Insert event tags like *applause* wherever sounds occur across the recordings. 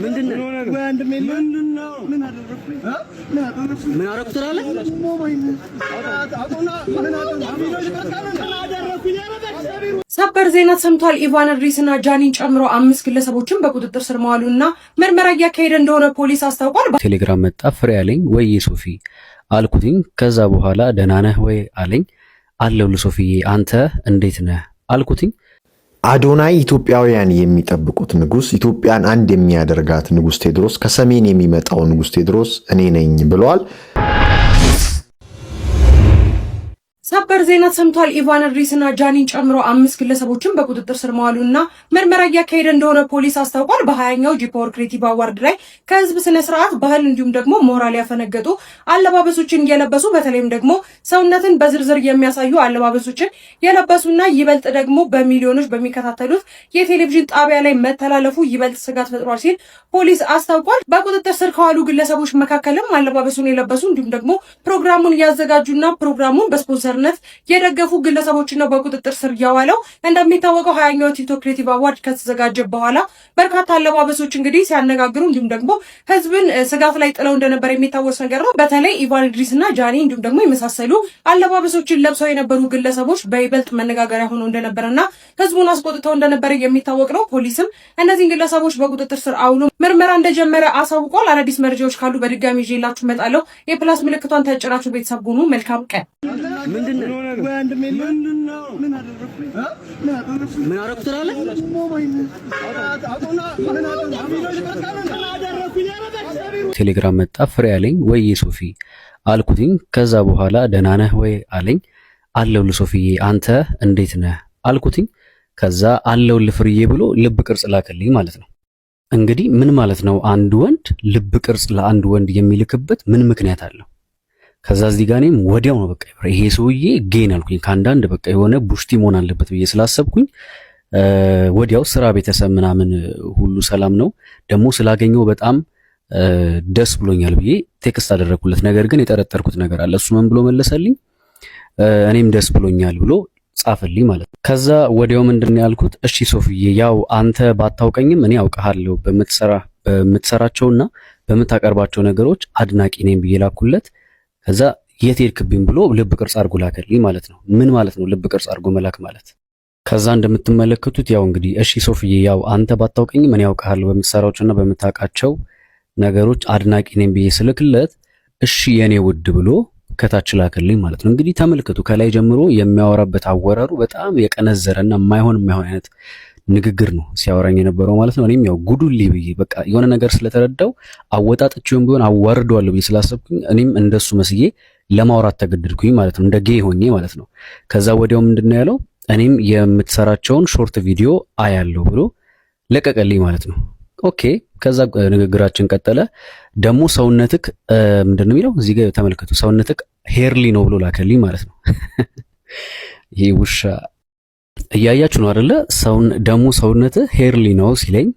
ምን ትላለህ? ሰበር ዜና ሰምቷል። ኢቫን እና ጃኒን ጨምሮ አምስት ግለሰቦችን በቁጥጥር ስር እና ምርመራ እያካሄደ እንደሆነ ፖሊስ አስታውቋል። ቴሌግራም መጣ። ፍሬ አለኝ ወይ ሶፊ አልኩትኝ። ከዛ በኋላ ደህና ነህ ወይ አለኝ። አለሁልህ ሶፊዬ አንተ እንዴት ነህ አልኩትኝ። አዶናይ ኢትዮጵያውያን የሚጠብቁት ንጉስ ኢትዮጵያን አንድ የሚያደርጋት ንጉስ ቴድሮስ ከሰሜን የሚመጣው ንጉስ ቴድሮስ እኔ ነኝ ብለዋል። ሰበር ዜና ሰምቷል። ኢቫን ሪስና ጃኒን ጨምሮ አምስት ግለሰቦችን በቁጥጥር ስር መዋሉና ምርመራ እያካሄደ እንደሆነ ፖሊስ አስታውቋል። በሀያኛው ጂፓወር ክሬቲቭ አዋርድ ላይ ከህዝብ ስነ ስርዓት፣ ባህል እንዲሁም ደግሞ ሞራል ያፈነገጡ አለባበሶችን የለበሱ በተለይም ደግሞ ሰውነትን በዝርዝር የሚያሳዩ አለባበሶችን የለበሱና ይበልጥ ደግሞ በሚሊዮኖች በሚከታተሉት የቴሌቪዥን ጣቢያ ላይ መተላለፉ ይበልጥ ስጋት ፈጥሯል ሲል ፖሊስ አስታውቋል። በቁጥጥር ስር ከዋሉ ግለሰቦች መካከልም አለባበሱን የለበሱ እንዲሁም ደግሞ ፕሮግራሙን ያዘጋጁና ፕሮግራሙን በስፖንሰር ጦርነት የደገፉ ግለሰቦችን ነው በቁጥጥር ስር ያዋለው። እንደሚታወቀው ሀያኛው ቲቶ ክሬቲቭ አዋርድ ከተዘጋጀ በኋላ በርካታ አለባበሶች እንግዲህ ሲያነጋግሩ እንዲሁም ደግሞ ህዝብን ስጋት ላይ ጥለው እንደነበር የሚታወስ ነገር ነው። በተለይ ኢቫን ድሪስ እና ጃኒ እንዲሁም ደግሞ የመሳሰሉ አለባበሶችን ለብሰው የነበሩ ግለሰቦች በይበልጥ መነጋገሪያ ሆነው እንደነበረና ህዝቡን አስቆጥተው እንደነበረ የሚታወቅ ነው። ፖሊስም እነዚህን ግለሰቦች በቁጥጥር ስር አውሎ ምርመራ እንደጀመረ አሳውቋል። አዳዲስ መረጃዎች ካሉ በድጋሚ ይዤላችሁ እመጣለሁ። የፕላስ ምልክቷን ተጭናችሁ ቤተሰብ ሁኑ። መልካም ቀን። ምን አደረኩኝ? ምን ቴሌግራም መጣ። ፍሬ አለኝ ወይ ሶፊ አልኩትኝ። ከዛ በኋላ ደህና ነህ ወይ አለኝ። አለው ሶፊዬ፣ አንተ እንዴት ነህ አልኩትኝ። ከዛ አለው ፍርዬ ብሎ ልብ ቅርጽ ላከልኝ ማለት ነው። እንግዲህ ምን ማለት ነው? አንድ ወንድ ልብ ቅርጽ ለአንድ ወንድ የሚልክበት ምን ምክንያት አለው? ከዛ እዚህ ጋር እኔም ወዲያው ነው በቃ ይሄ ሰውዬ ጌን አልኩኝ። ከአንዳንድ በቃ የሆነ ቡሽቲ መሆን አለበት ብዬ ስላሰብኩኝ ወዲያው ስራ፣ ቤተሰብ ምናምን ሁሉ ሰላም ነው። ደግሞ ስላገኘው በጣም ደስ ብሎኛል ብዬ ቴክስት አደረግኩለት። ነገር ግን የጠረጠርኩት ነገር አለ። እሱ ምን ብሎ መለሰልኝ? እኔም ደስ ብሎኛል ብሎ ጻፈልኝ ማለት ነው። ከዛ ወዲያው ምንድን ነው ያልኩት? እሺ ሶፍዬ፣ ያው አንተ ባታውቀኝም እኔ አውቀሃለሁ በምትሰራ በምትሰራቸውና በምታቀርባቸው ነገሮች አድናቂ ነኝ ብዬ ላኩለት። ከዛ የት ሄድክብኝ ብሎ ልብ ቅርጽ አድርጎ ላከልኝ ማለት ነው። ምን ማለት ነው ልብ ቅርጽ አድርጎ መላክ ማለት? ከዛ እንደምትመለከቱት ያው እንግዲህ እሺ ሶፍዬ፣ ያው አንተ ባታውቀኝ ምን ያውቀሃል በምትሰራዎችና በምታውቃቸው ነገሮች አድናቂ ነኝ ብዬ ስልክለት እሺ የኔ ውድ ብሎ ከታች ላከልኝ ማለት ነው። እንግዲህ ተመልከቱ፣ ከላይ ጀምሮ የሚያወራበት አወራሩ በጣም የቀነዘረና የማይሆን የማይሆን አይነት ንግግር ነው ሲያወራኝ የነበረው ማለት ነው። እኔም ያው ጉዱሌ ብዬ በቃ የሆነ ነገር ስለተረዳው አወጣጥቼውም ቢሆን አዋርደዋለሁ ብዬ ስላሰብኩኝ እኔም እንደሱ መስዬ ለማውራት ተገደድኩኝ ማለት ነው፣ እንደ ጌ ሆኜ ማለት ነው። ከዛ ወዲያው ምንድን ነው ያለው እኔም የምትሰራቸውን ሾርት ቪዲዮ አያለሁ ብሎ ለቀቀልኝ ማለት ነው። ኦኬ ከዛ ንግግራችን ቀጠለ። ደግሞ ሰውነትክ ምንድን ነው የሚለው እዚህ ጋር ተመልከቱ። ሰውነትክ ሄርሊ ነው ብሎ ላከልኝ ማለት ነው። *laughs* ይሄ ውሻ እያያችሁ ነው አደለ? ደሙ ሰውነት ሄርሊ ነው ሲለኝ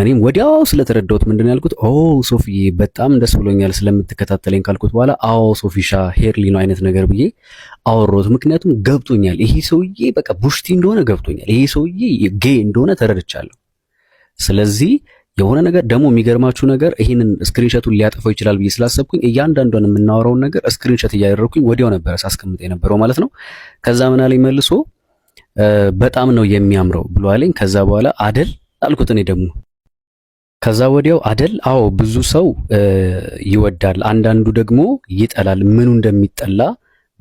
እኔም ወዲያው ስለተረዳሁት ምንድን ያልኩት ኦ ሶፊዬ በጣም ደስ ብሎኛል ስለምትከታተለኝ ካልኩት በኋላ አዎ ሶፊሻ ሄርሊ ነው አይነት ነገር ብዬ አወሮት። ምክንያቱም ገብቶኛል፣ ይሄ ሰውዬ በቃ ቡሽቲ እንደሆነ ገብቶኛል፣ ይሄ ሰውዬ ጌ እንደሆነ ተረድቻለሁ። ስለዚህ የሆነ ነገር ደግሞ የሚገርማችሁ ነገር ይህንን ስክሪንሸቱን ሊያጠፋው ይችላል ብዬ ስላሰብኩኝ እያንዳንዷን የምናወራውን ነገር ስክሪንሸት እያደረግኩኝ ወዲያው ነበረ ሳስቀምጥ የነበረው ማለት ነው። ከዛ ምናለኝ መልሶ በጣም ነው የሚያምረው ብሎ አለኝ። ከዛ በኋላ አደል አልኩት እኔ ደግሞ ከዛ ወዲያው አደል አዎ፣ ብዙ ሰው ይወዳል፣ አንዳንዱ ደግሞ ይጠላል። ምኑ እንደሚጠላ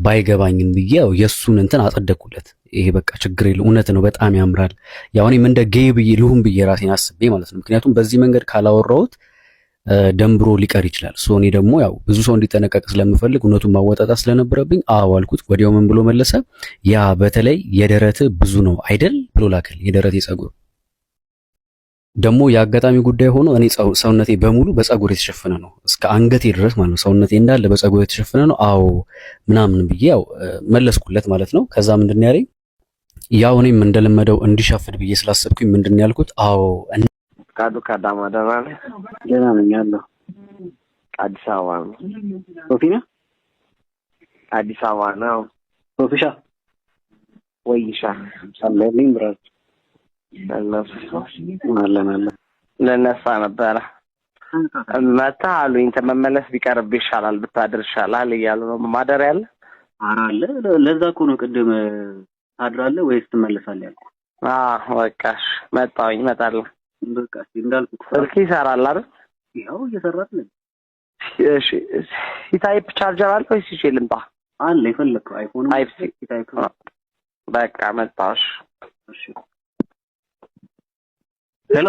ባይገባኝም ብዬ ያው የእሱን እንትን አጸደኩለት። ይሄ በቃ ችግር የለ፣ እውነት ነው፣ በጣም ያምራል። ያው እኔም እንደ ጌይ ብዬ ልሁን ብዬ ራሴን አስቤ ማለት ነው። ምክንያቱም በዚህ መንገድ ካላወራሁት ደንብሮ ሊቀር ይችላል። ሶ እኔ ደግሞ ያው ብዙ ሰው እንዲጠነቀቅ ስለምፈልግ እውነቱን ማወጣጣት ስለነበረብኝ አዎ አልኩት። ወዲያው ምን ብሎ መለሰ? ያ በተለይ የደረት ብዙ ነው አይደል ብሎ ላከል። የደረት የጸጉር ደግሞ የአጋጣሚ ጉዳይ ሆኖ እኔ ሰውነቴ በሙሉ በጸጉር የተሸፈነ ነው እስከ አንገቴ ድረስ ማለት ነው። ሰውነቴ እንዳለ በጸጉር የተሸፈነ ነው። አዎ ምናምን ብዬ ያው መለስኩለት ማለት ነው። ከዛ ምንድን ያለኝ ያው እኔም እንደለመደው እንዲሻፍድ ብዬ ስላሰብኩኝ ምንድን ያልኩት አዎ ፍቃዱ ከአዳማ ደህና ላይ ደህና ነኝ አለሁ። አዲስ አበባ ነው። ሶፊና አዲስ አበባ ነው። ሶፊሻ ወይሻ አለልኝ ብራች አለን አለን ልነሳ ነበረ መታ አሉኝ። ተመመለስ ቢቀርብ ይሻላል ብታድር ይሻላል እያሉ ነው። ማደር ያለ ኧረ አለ። ለዛ እኮ ነው ቅድም ታድራለህ ወይስ ትመለሳለህ ያልኩህ። በቃ መጣሁኝ፣ እመጣለሁ በቃ እንዳልኩት ስልክ ይሰራል አይደል? ያው እየሰራት ነው። እሺ ሲታይፕ ቻርጀር አለ ወይስ ይዤ ልምጣ? አለ የፈለግከው አይፎን ታይፕ ሲ ታይፕ በቃ መጣሽ። እሺ ሄሎ፣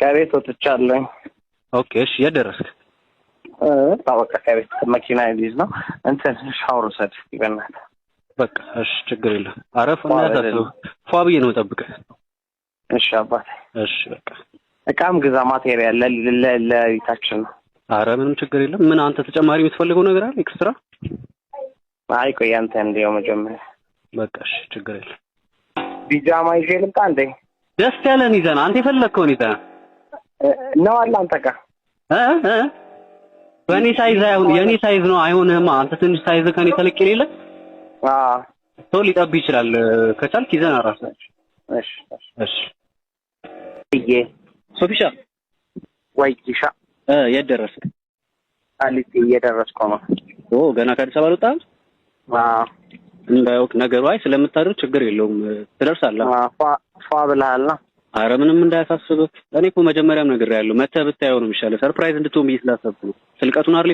ከቤት ወጥቻለሁ። ኦኬ፣ እሺ የት ደረስክ? በቃ ከቤት መኪና ይዝ ነው እንትን ሻወር ውሰድ በእናትህ። በቃ እሺ፣ ችግር የለም። አረፍ እና ፏ ብዬ ነው የምጠብቅህ። እሺ አባቴ እሺ በቃ እቃም ግዛ ማቴሪያል ለቤታችን አረ ምንም ችግር የለም። ምን አንተ ተጨማሪ የምትፈልገው ነገር አለ ኤክስትራ? አይ ቆይ አንተ እንደው መጀመሪያ በቃ እሺ፣ ችግር የለም። ቢጃማ ይዤ ልምጣ እንዴ? ደስ ያለን ይዘን አንተ የፈለግከውን ይዘን ነው አለ አንተ ጋር እ እ በእኔ ሳይዝ አይሆን የእኔ ሳይዝ ነው አይሆንህማ። አንተ ትንሽ ሳይዝ ከኔ ተለቅ የሌለ አዎ ሰው ሊጠብህ ይችላል። ከቻልክ ይዘና ራስህ እሺ እሺ እየ ሶፊሻ ወይ ጂሻ የት ደረስክ? ቃሊቲ እየደረስኩ ነው። ኦ ገና ከአዲስ አበባ አልወጣህም? አዎ እንዳያውቅ ነገሩ። አይ ስለምታደርግ ችግር የለውም ትደርሳለህ። ፏ ብለሃል። አረ ምንም እንዳያሳስብ። እኔ እኮ መጀመሪያም ነገር ያለው መተህ ብታየው ነው የሚሻለው። ሰርፕራይዝ እንድትሆን ብዬ ስላሰብኩ ነው። ስልቀቱን አርሊ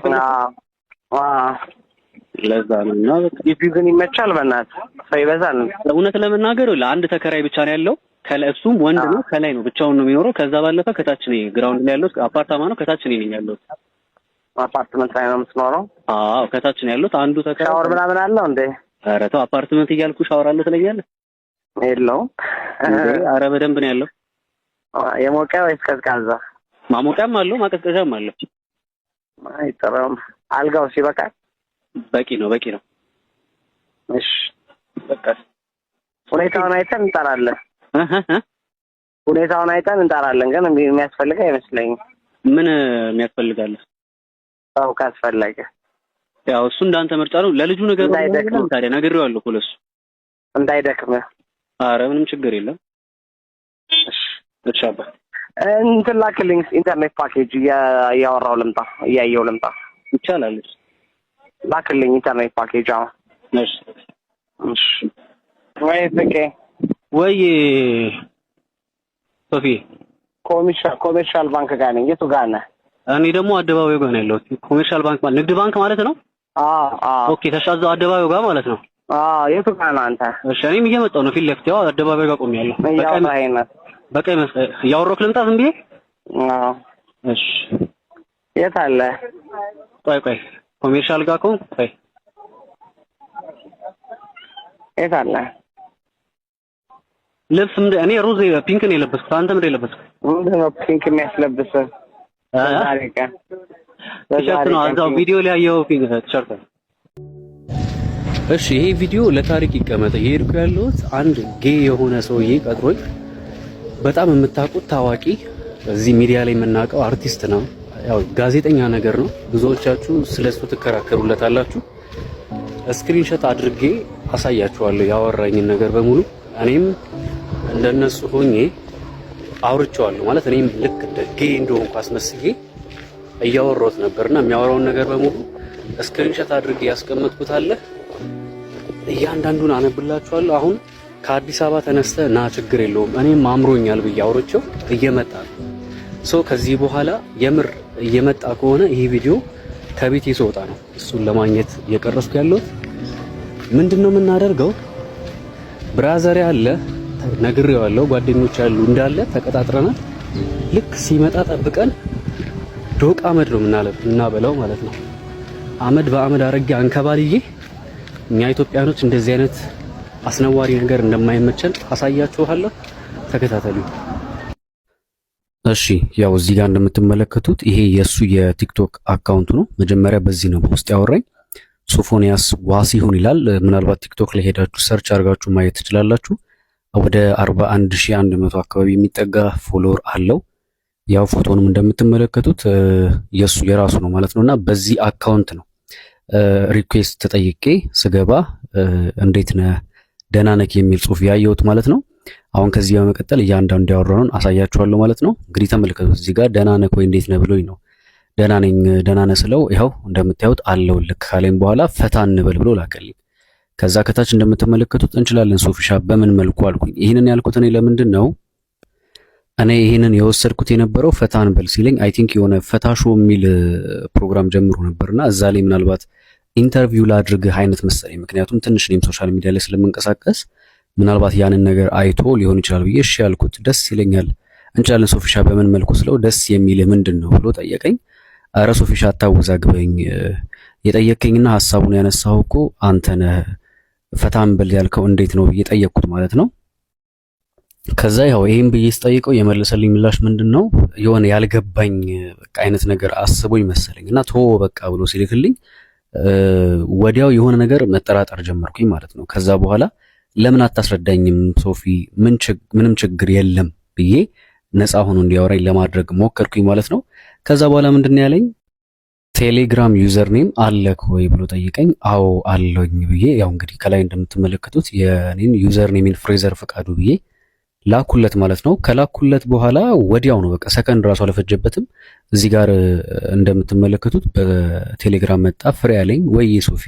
ለዛ ነው እና ግቢው ግን ይመቻል። በእናት ሰው ይበዛል። እውነት ለመናገር ለአንድ ተከራይ ብቻ ነው ያለው። እሱም ወንድ ነው። ከላይ ነው ብቻውን ነው የሚኖረው። ከዛ ባለፈ ከታች ነው ግራውንድ ላይ ያለው አፓርታማ ነው። ከታች ነው ያለው አፓርትመንት ላይ ነው የምትኖረው? አዎ ከታች ነው ያለሁት። አንዱ ተከራይ ሻወር ምናምን አለው እንዴ? ኧረ ተው አፓርትመንት እያልኩ ሻወር አለው ትለኛለህ? የለውም። ኧረ በደንብ ነው ያለው። የሞቀ ወይስ ቀዝቃዛ? ማሞቂያም አለው ማቀዝቀዣም አለው። አይጠራም። አልጋው ሲበቃል በቂ ነው፣ በቂ ነው። እሺ በቃ ሁኔታውን አይተን እንጠራለን። ሁኔታውን አይተን እንጠራለን። ግን የሚያስፈልግ አይመስለኝም። ምን የሚያስፈልጋለ? ሰው ካስፈለገ ያው እሱ እንዳንተ ምርጫ ነው። ለልጁ ነገር እንዳይደክም ታዲያ ነግሬዋለሁ እኮ ለእሱ እንዳይደክም። አረ ምንም ችግር የለም። እሺ አባ እንትን ላክልኝ ኢንተርኔት ፓኬጅ እያወራሁ ልምጣ፣ እያየሁ ልምጣ። ይቻላል። ላክልኝ ኢንተርኔት ፓኬጅ። አሁን ወይ ፍቄ ወይ ሶፊ ኮሜርሻል ባንክ ጋር ነኝ። የቱ ጋር ነህ? እኔ ደግሞ አደባባዩ ጋር ነው ያለሁት። ኮሜርሻል ባንክ ማለት ንግድ ባንክ ማለት ነው። አዎ ኦኬ ተሻዘው አደባባዩ ጋር ማለት ነው። አዎ የቱ ጋር ነህ አንተ? እሺ እኔም እየመጣሁ ነው ፊት ለፊት ያው አደባባዩ ጋር ቆሜያለሁ። በቀኝ መስቀል እያወራሁ ልምጣ ዝም ብዬ። እሺ። የት አለ? ቆይ ቆይ ኮሜርሻል ጋር ከሆንኩ ተይ የት አለ ልብስ? ምንድን እኔ ሮዝ ፒንክ ነው የለበስኩት። አንተ ምንድን የለበስኩት? ምንድን ነው ፒንክ የሚያስለብስህ? ቲሸርት ነው እዛው ቪዲዮ ላይ ያየኸው ፒንክ ቲሸርት ነው። እሺ ይሄ ቪዲዮ ለታሪክ ይቀመጥ። የሄድኩ ያለሁት አንድ ጌ የሆነ ሰውዬ ቀጥሮኝ፣ በጣም የምታውቁት ታዋቂ እዚህ ሚዲያ ላይ የምናውቀው አርቲስት ነው ያው ጋዜጠኛ ነገር ነው። ብዙዎቻችሁ ስለሱ ትከራከሩለታላችሁ። ስክሪንሾት አድርጌ አሳያችኋለሁ ያወራኝን ነገር በሙሉ። እኔም እንደነሱ ሆኜ አውርቼዋለሁ ማለት እኔም ልክ እንደ ጌ እንደሆንኩ አስመስጌ እያወራሁት ነበርና የሚያወራውን ነገር በሙሉ ስክሪንሾት አድርጌ ያስቀመጥኩት አለ። እያንዳንዱን አነብላችኋለሁ። አሁን ከአዲስ አበባ ተነስተ ና ችግር የለውም እኔም አምሮኛል ብዬ አውርቼው እየመጣ ነው። ሶ ከዚህ በኋላ የምር እየመጣ ከሆነ ይሄ ቪዲዮ ከቤት ስወጣ ነው እሱን ለማግኘት እየቀረስኩ ያለሁት። ምንድነው የምናደርገው? ብራዘር ያለ ነግሬዋለሁ፣ ጓደኞች ያሉ እንዳለ ተቀጣጥረናል። ልክ ሲመጣ ጠብቀን ዶቅ አመድ ነው የምናበላው ማለት ነው። አመድ በአመድ አረጌ አንከባልዬ እኛ ኢትዮጵያኖች እንደዚህ አይነት አስነዋሪ ነገር እንደማይመቸን አሳያችኋለሁ። ተከታተሉ። እሺ ያው እዚህ ጋር እንደምትመለከቱት ይሄ የእሱ የቲክቶክ አካውንቱ ነው። መጀመሪያ በዚህ ነው በውስጥ ያወራኝ። ሶፎንያስ ዋሲሁን ይላል። ምናልባት ቲክቶክ ላይ ሄዳችሁ ሰርች አድርጋችሁ ማየት ትችላላችሁ። ወደ 41100 አካባቢ የሚጠጋ ፎሎወር አለው። ያው ፎቶንም እንደምትመለከቱት የእሱ የራሱ ነው ማለት ነው እና በዚህ አካውንት ነው ሪኩዌስት ተጠይቄ ስገባ እንዴት ነህ ደህና ነህ የሚል ጽሁፍ ያየሁት ማለት ነው። አሁን ከዚህ በመቀጠል እያንዳንዱ ያወራነውን አሳያችኋለሁ ማለት ነው። እንግዲህ ተመልከቱ እዚህ ጋር ደህና ነህ ወይ እንዴት ነህ ብሎኝ ነው። ደህና ነኝ ደህና ነህ ስለው ይኸው እንደምታዩት አለውልክ ካለኝ በኋላ ፈታ እንበል ብሎ ላከልኝ። ከዛ ከታች እንደምትመለከቱት እንችላለን ሶፊሻ በምን መልኩ አልኩኝ። ይህንን ያልኩት እኔ ለምንድን ነው እኔ ይህንን የወሰድኩት የነበረው ፈታ እንበል ሲለኝ አይ ቲንክ የሆነ ፈታሾ የሚል ፕሮግራም ጀምሮ ነበርና እዛ ላይ ምናልባት ኢንተርቪው ላድርግህ አይነት መሰለኝ። ምክንያቱም ትንሽ እኔም ሶሻል ሚዲያ ላይ ስለምንቀሳቀስ ምናልባት ያንን ነገር አይቶ ሊሆን ይችላል ብዬ እሺ ያልኩት። ደስ ይለኛል እንችላለን ሶፊሻ በምን መልኩ ስለው ደስ የሚልህ ምንድን ነው ብሎ ጠየቀኝ። አረ ሶፊሻ አታወዛግበኝ፣ የጠየቀኝና ሀሳቡን ያነሳው እኮ አንተ ነህ፣ ፈታም በል ያልከው እንዴት ነው ብዬ ጠየቅኩት ማለት ነው። ከዛ ያው ይህም ብዬ ስጠይቀው የመለሰልኝ ምላሽ ምንድን ነው የሆነ ያልገባኝ በቃ አይነት ነገር አስቦኝ መሰለኝ እና ቶ በቃ ብሎ ሲልክልኝ ወዲያው የሆነ ነገር መጠራጠር ጀመርኩኝ ማለት ነው። ከዛ በኋላ ለምን አታስረዳኝም ሶፊ፣ ምንም ችግር የለም ብዬ ነፃ ሆኖ እንዲያወራኝ ለማድረግ ሞከርኩኝ ማለት ነው። ከዛ በኋላ ምንድን ነው ያለኝ ቴሌግራም ዩዘር ኔም አለክ ወይ ብሎ ጠይቀኝ። አዎ አለኝ ብዬ ያው እንግዲህ ከላይ እንደምትመለከቱት የኔን ዩዘር ኔሚን ፍሬዘር ፈቃዱ ብዬ ላኩለት ማለት ነው። ከላኩለት በኋላ ወዲያው ነው በቃ ሰከንድ ራሱ አልፈጀበትም። እዚህ ጋር እንደምትመለከቱት በቴሌግራም መጣ ፍሬ አለኝ ወይ ሶፊ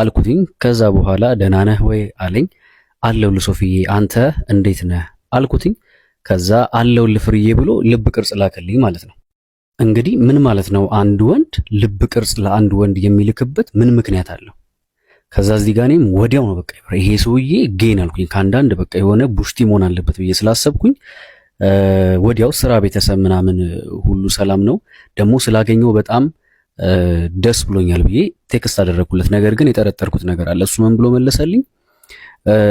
አልኩትኝ። ከዛ በኋላ ደህና ነህ ወይ አለኝ። አለውል ሶፊዬ አንተ እንዴት ነህ አልኩትኝ። ከዛ አለውል ፍርዬ ብሎ ልብ ቅርጽ ላከልኝ ማለት ነው። እንግዲህ ምን ማለት ነው? አንድ ወንድ ልብ ቅርጽ ለአንድ ወንድ የሚልክበት ምን ምክንያት አለው? ከዛ እዚህ ጋር እኔም ወዲያው ነው በቃ ይሄ ሰውዬ ጌን አልኩኝ። ከአንዳንድ በቃ የሆነ ቡሽቲ መሆን አለበት ብዬ ስላሰብኩኝ ወዲያው ስራ፣ ቤተሰብ ምናምን ሁሉ ሰላም ነው ደግሞ ስላገኘው በጣም ደስ ብሎኛል ብዬ ቴክስት አደረግኩለት። ነገር ግን የጠረጠርኩት ነገር አለ። እሱ ምን ብሎ መለሰልኝ?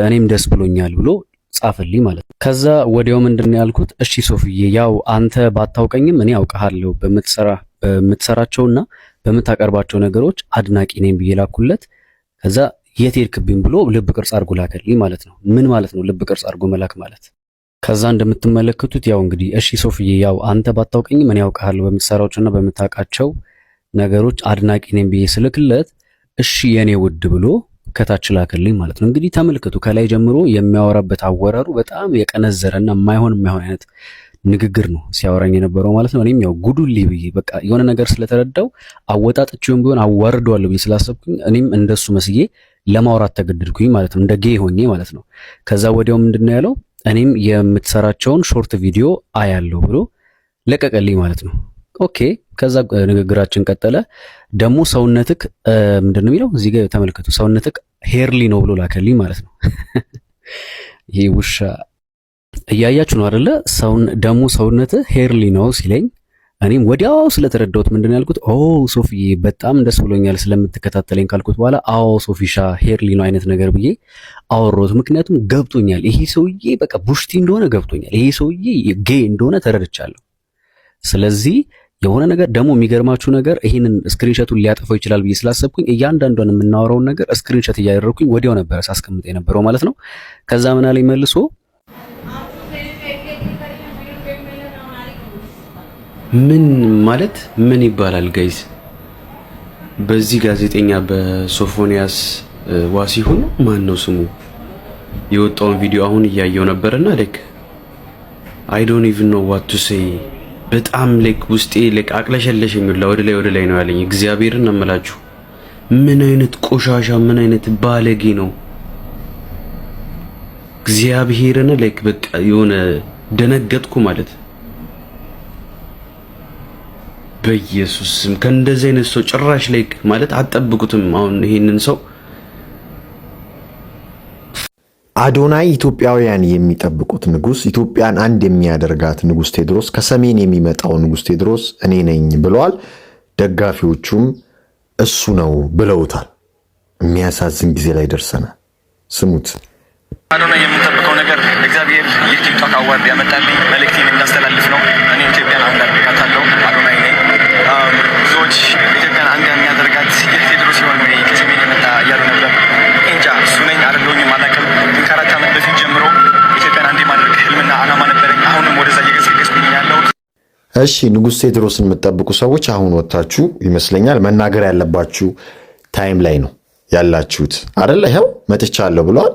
እኔም ደስ ብሎኛል ብሎ ጻፈልኝ ማለት ነው። ከዛ ወዲያው ምንድን ያልኩት እሺ ሶፍዬ ያው አንተ ባታውቀኝም እኔ አውቀሃለሁ በምትሰራ በምትሰራቸውና በምታቀርባቸው ነገሮች አድናቂ ነኝ ብዬ ላኩለት። ከዛ የት ሄድክብኝ ብሎ ልብ ቅርጽ አድርጎ ላከልኝ ማለት ነው። ምን ማለት ነው ልብ ቅርጽ አድርጎ መላክ ማለት? ከዛ እንደምትመለከቱት ያው እንግዲህ እሺ ሶፍዬ ያው አንተ ባታውቀኝም እኔ አውቀሃለሁ በምትሰራቸውና በምታውቃቸው ነገሮች አድናቂ ነኝ ብዬ ስልክለት እሺ የኔ ውድ ብሎ ከታች ላክልኝ ማለት ነው። እንግዲህ ተመልከቱ፣ ከላይ ጀምሮ የሚያወራበት አወራሩ በጣም የቀነዘረ እና የማይሆን የማይሆን አይነት ንግግር ነው ሲያወራኝ የነበረው ማለት ነው። እኔም ያው ጉዱል ብዬ በቃ የሆነ ነገር ስለተረዳው አወጣጥቼውም ቢሆን አዋርደዋለሁ ብዬ ስላሰብኩኝ እኔም እንደሱ መስዬ ለማውራት ተገደድኩኝ ማለት ነው፣ እንደ ጌ ሆኜ ማለት ነው። ከዛ ወዲያው ምንድን ነው ያለው እኔም የምትሰራቸውን ሾርት ቪዲዮ አያለሁ ብሎ ለቀቀልኝ ማለት ነው። ኦኬ ከዛ ንግግራችን ቀጠለ። ደግሞ ሰውነትክ ምንድን ነው የሚለው እዚህ ጋር ተመልከቱ። ሰውነትክ ሄርሊ ነው ብሎ ላከልኝ ማለት ነው። *laughs* ይህ ውሻ እያያችሁ ነው አደለ? ደግሞ ሰውነት ሄርሊ ነው ሲለኝ እኔም ወዲያው ስለተረዳሁት ምንድን ያልኩት ኦ ሶፍዬ በጣም ደስ ብሎኛል ስለምትከታተለኝ ካልኩት በኋላ አዎ ሶፊሻ ሄርሊ ነው አይነት ነገር ብዬ አወሮት። ምክንያቱም ገብቶኛል፣ ይሄ ሰውዬ በቃ ቡሽቲ እንደሆነ ገብቶኛል፣ ይሄ ሰውዬ ጌ እንደሆነ ተረድቻለሁ። ስለዚህ የሆነ ነገር ደግሞ የሚገርማችሁ ነገር ይህንን ስክሪንሾቱን ሊያጠፋው ይችላል ብዬ ስላሰብኩኝ እያንዳንዷን የምናወራውን ነገር ስክሪንሾት እያደረግኩኝ ወዲያው ነበረ ሳስቀምጥ የነበረው ማለት ነው። ከዛ ምና ላይ መልሶ ምን ማለት ምን ይባላል ጋይዝ? በዚህ ጋዜጠኛ በሶፎንያስ ዋሲሁን ማን ነው ስሙ የወጣውን ቪዲዮ አሁን እያየው ነበርና ልክ አይ ዶንት ኢቭን ኖ ዋት ቱ ሴይ በጣም ለክ ውስጤ ላይክ አቅለሸለሽ ሁላ ወደ ላይ ወደ ላይ ነው ያለኝ። እግዚአብሔርን አመላችሁ ምን አይነት ቆሻሻ ምን አይነት ባለጌ ነው። እግዚአብሔርን ለክ በቃ የሆነ ደነገጥኩ ማለት በኢየሱስ ስም ከእንደዚህ አይነት ሰው ጭራሽ ላይክ ማለት አትጠብቁትም። አሁን ይሄንን ሰው አዶናይ ኢትዮጵያውያን የሚጠብቁት ንጉስ ኢትዮጵያን አንድ የሚያደርጋት ንጉስ ቴድሮስ ከሰሜን የሚመጣው ንጉስ ቴድሮስ እኔ ነኝ ብለዋል። ደጋፊዎቹም እሱ ነው ብለውታል። የሚያሳዝን ጊዜ ላይ ደርሰናል። ስሙት። አዶናይ የምንጠብቀው ነገር እግዚአብሔር ይህ አዋርድ ያመጣልኝ መልእክት እሺ ንጉሥ ቴድሮስን የምትጠብቁ ሰዎች አሁን ወጥታችሁ ይመስለኛል መናገር ያለባችሁ ታይም ላይ ነው ያላችሁት አደለ? ይኸው መጥቻለሁ ብለዋል።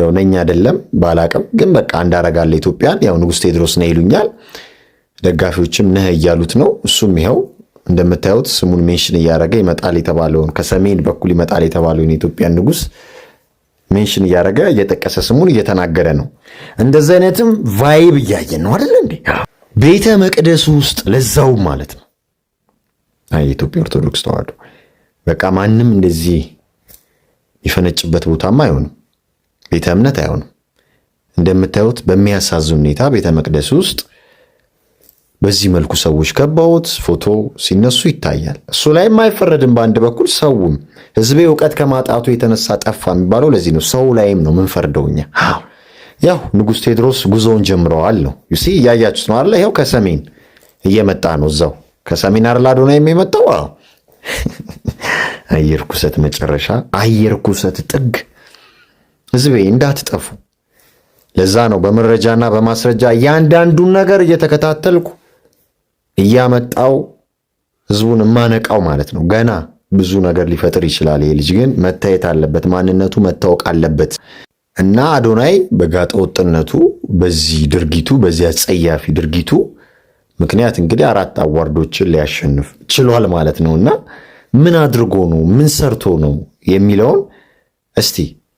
ያው ነኝ አይደለም ባላቅም፣ ግን በቃ እንዳረጋለሁ ኢትዮጵያን። ያው ንጉሥ ቴድሮስ ነህ ይሉኛል፣ ደጋፊዎችም ነህ እያሉት ነው። እሱም ይኸው እንደምታዩት ስሙን ሜንሽን እያደረገ ይመጣል የተባለውን ከሰሜን በኩል ይመጣል የተባለውን የኢትዮጵያን ንጉሥ ሜንሽን እያደረገ እየጠቀሰ ስሙን እየተናገረ ነው። እንደዚህ አይነትም ቫይብ እያየን ነው አደለ እንዴ? ቤተ መቅደሱ ውስጥ ለዛው ማለት ነው። አይ የኢትዮጵያ ኦርቶዶክስ ተዋህዶ በቃ ማንም እንደዚህ የሚፈነጭበት ቦታም አይሆንም፣ ቤተ እምነት አይሆንም። እንደምታዩት በሚያሳዝን ሁኔታ ቤተ መቅደሱ ውስጥ በዚህ መልኩ ሰዎች ከባውት ፎቶ ሲነሱ ይታያል። እሱ ላይም አይፈረድም። በአንድ በኩል ሰውም ህዝቤ እውቀት ከማጣቱ የተነሳ ጠፋ የሚባለው ለዚህ ነው። ሰው ላይም ነው ምንፈርደውኛ ያው ንጉሥ ቴድሮስ ጉዞውን ጀምረዋል ነው ዩሲ እያያችሁት ነው አለ። ይኸው ከሰሜን እየመጣ ነው። እዛው ከሰሜን አርላ ዶና የሚመጣው አየር ኩሰት መጨረሻ፣ አየር ኩሰት ጥግ። ህዝቤ እንዳትጠፉ። ለዛ ነው በመረጃና በማስረጃ እያንዳንዱን ነገር እየተከታተልኩ እያመጣው ህዝቡን እማነቃው ማለት ነው። ገና ብዙ ነገር ሊፈጥር ይችላል ይሄ ልጅ ግን መታየት አለበት። ማንነቱ መታወቅ አለበት። እና አዶናይ በጋጠ ወጥነቱ በዚህ ድርጊቱ በዚህ አጸያፊ ድርጊቱ ምክንያት እንግዲህ አራት አዋርዶችን ሊያሸንፍ ችሏል ማለት ነው። እና ምን አድርጎ ነው ምን ሰርቶ ነው የሚለውን እስቲ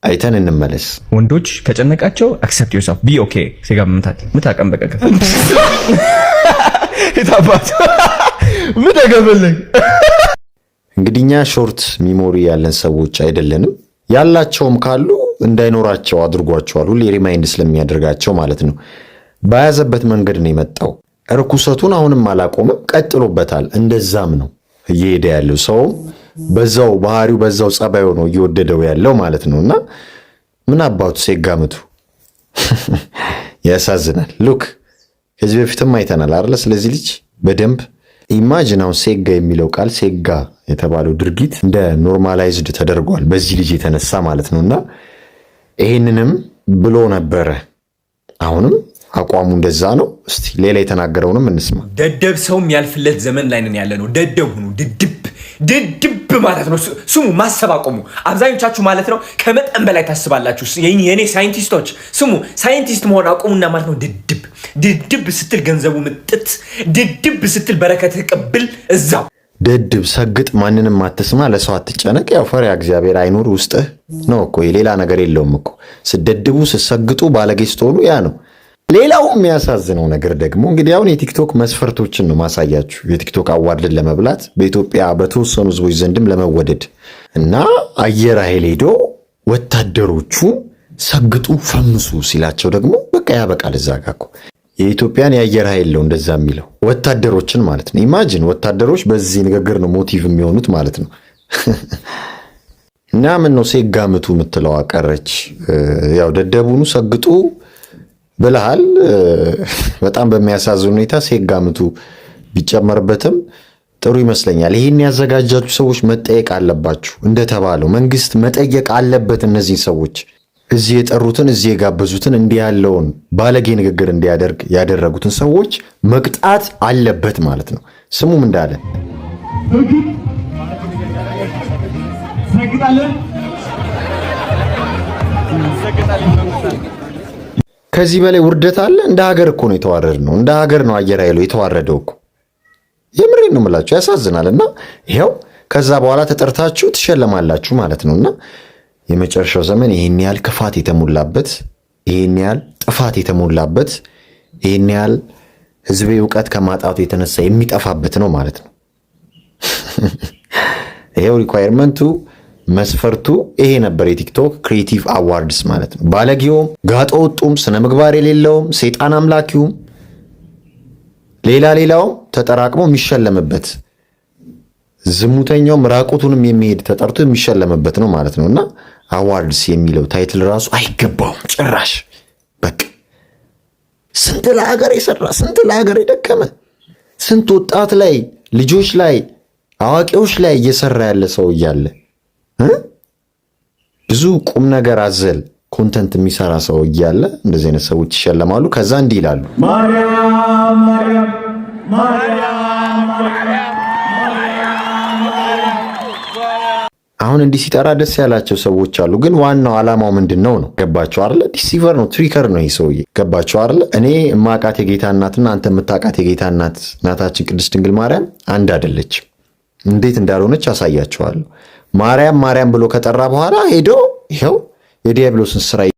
አይተን እንመለስ። ወንዶች ከጨነቃቸው አክሰፕት ዮርሰልፍ ቢ ኦኬ ሴጋ መምታት ምታቀም በቀቀ የታባት ምታቀበለኝ እንግዲህ እኛ ሾርት ሚሞሪ ያለን ሰዎች አይደለንም። ያላቸውም ካሉ እንዳይኖራቸው አድርጓቸዋል። ሁሌ ሪማይንድ ስለሚያደርጋቸው ማለት ነው። በያዘበት መንገድ ነው የመጣው። ርኩሰቱን አሁንም አላቆምም፣ ቀጥሎበታል። እንደዛም ነው እየሄደ ያለው ሰው በዛው ባህሪው በዛው ጸባዩ ነው እየወደደው ያለው ማለት ነው። እና ምን አባቱ ሴጋምቱ *laughs* ያሳዝናል። ሉክ ከዚህ በፊትም አይተናል አለ ስለዚህ ልጅ በደንብ ኢማጅን አሁን ሴጋ የሚለው ቃል ሴጋ የተባለው ድርጊት እንደ ኖርማላይዝድ ተደርጓል በዚህ ልጅ የተነሳ ማለት ነው እና ይህንንም ብሎ ነበረ። አሁንም አቋሙ እንደዛ ነው። እስቲ ሌላ የተናገረውንም እንስማ። ደደብ ሰውም ያልፍለት ዘመን ላይ ነን ያለ ነው። ደደብ ሁኑ። ድድብ ድድብ ማለት ነው። ስሙ፣ ማሰብ አቆሙ። አብዛኞቻችሁ ማለት ነው ከመጠን በላይ ታስባላችሁ። የእኔ ሳይንቲስቶች ስሙ፣ ሳይንቲስት መሆን አቁሙና ማለት ነው። ድድብ ድድብ ስትል ገንዘቡ ምጥት፣ ድድብ ስትል በረከትህ ቅብል እዛው ደድብ ሰግጥ፣ ማንንም አትስማ፣ ለሰው አትጨነቅ፣ ያው ፈሪያ እግዚአብሔር አይኖር ውስጥህ ነው እኮ ሌላ ነገር የለውም እኮ። ስደድቡ ስሰግጡ ባለጌ ስትሆኑ ያ ነው። ሌላው የሚያሳዝነው ነገር ደግሞ እንግዲህ አሁን የቲክቶክ መስፈርቶችን ነው ማሳያችሁ። የቲክቶክ አዋርድን ለመብላት በኢትዮጵያ በተወሰኑ ህዝቦች ዘንድም ለመወደድ እና አየር ኃይል ሄዶ ወታደሮቹ ሰግጡ ፈምሱ ሲላቸው ደግሞ በቃ ያበቃል እዛ ጋ እኮ የኢትዮጵያን የአየር ኃይል ነው እንደዛ የሚለው ወታደሮችን ማለት ነው። ኢማጂን ወታደሮች በዚህ ንግግር ነው ሞቲቭ የሚሆኑት ማለት ነው። እና ምን ነው ሴጋምቱ የምትለው አቀረች። ያው ደደቡኑ ሰግጡ ብልሃል። በጣም በሚያሳዝን ሁኔታ ሴጋምቱ ቢጨመርበትም ጥሩ ይመስለኛል። ይህን ያዘጋጃችሁ ሰዎች መጠየቅ አለባችሁ። እንደተባለው መንግስት መጠየቅ አለበት እነዚህ ሰዎች እዚህ የጠሩትን እዚህ የጋበዙትን እንዲህ ያለውን ባለጌ ንግግር እንዲያደርግ ያደረጉትን ሰዎች መቅጣት አለበት ማለት ነው። ስሙም እንዳለ ከዚህ በላይ ውርደት አለ? እንደ ሀገር እኮ ነው የተዋረድ ነው። እንደ ሀገር ነው አየር ኃይሉ የተዋረደው እኮ። የምሬን ነው የምላችሁ፣ ያሳዝናል። እና ይኸው ከዛ በኋላ ተጠርታችሁ ትሸለማላችሁ ማለት ነው እና የመጨረሻው ዘመን ይህን ያህል ክፋት የተሞላበት፣ ይህን ያህል ጥፋት የተሞላበት፣ ይህን ያህል ህዝቤ እውቀት ከማጣቱ የተነሳ የሚጠፋበት ነው ማለት ነው። *laughs* ይሄው ሪኳየርመንቱ መስፈርቱ ይሄ ነበር። የቲክቶክ ክሪኤቲቭ አዋርድስ ማለት ነው። ባለጌውም፣ ጋጦ ወጡም፣ ስነ ምግባር የሌለውም፣ ሰይጣን አምላኪውም፣ ሌላ ሌላውም ተጠራቅሞ የሚሸለምበት ዝሙተኛውም ራቁቱንም የሚሄድ ተጠርቶ የሚሸለምበት ነው ማለት ነው። እና አዋርድስ የሚለው ታይትል ራሱ አይገባውም ጭራሽ። በቃ ስንት ለሀገር የሰራ ስንት ለሀገር የደከመ ስንት ወጣት ላይ ልጆች ላይ አዋቂዎች ላይ እየሰራ ያለ ሰው እያለ ብዙ ቁም ነገር አዘል ኮንተንት የሚሰራ ሰው እያለ እንደዚህ አይነት ሰዎች ይሸለማሉ። ከዛ እንዲህ ይላሉ ማርያም አሁን እንዲህ ሲጠራ ደስ ያላቸው ሰዎች አሉ። ግን ዋናው ዓላማው ምንድን ነው ነው? ገባቸው አለ። ዲሲቨር ነው፣ ትሪከር ነው ይህ ሰውዬ። ገባቸው አለ። እኔ ማቃት የጌታ እናትና አንተ የምታቃት የጌታ እናት እናታችን ቅድስት ድንግል ማርያም አንድ አደለች። እንዴት እንዳልሆነች አሳያቸዋለሁ። ማርያም ማርያም ብሎ ከጠራ በኋላ ሄዶ ይኸው የዲያብሎስን ስራ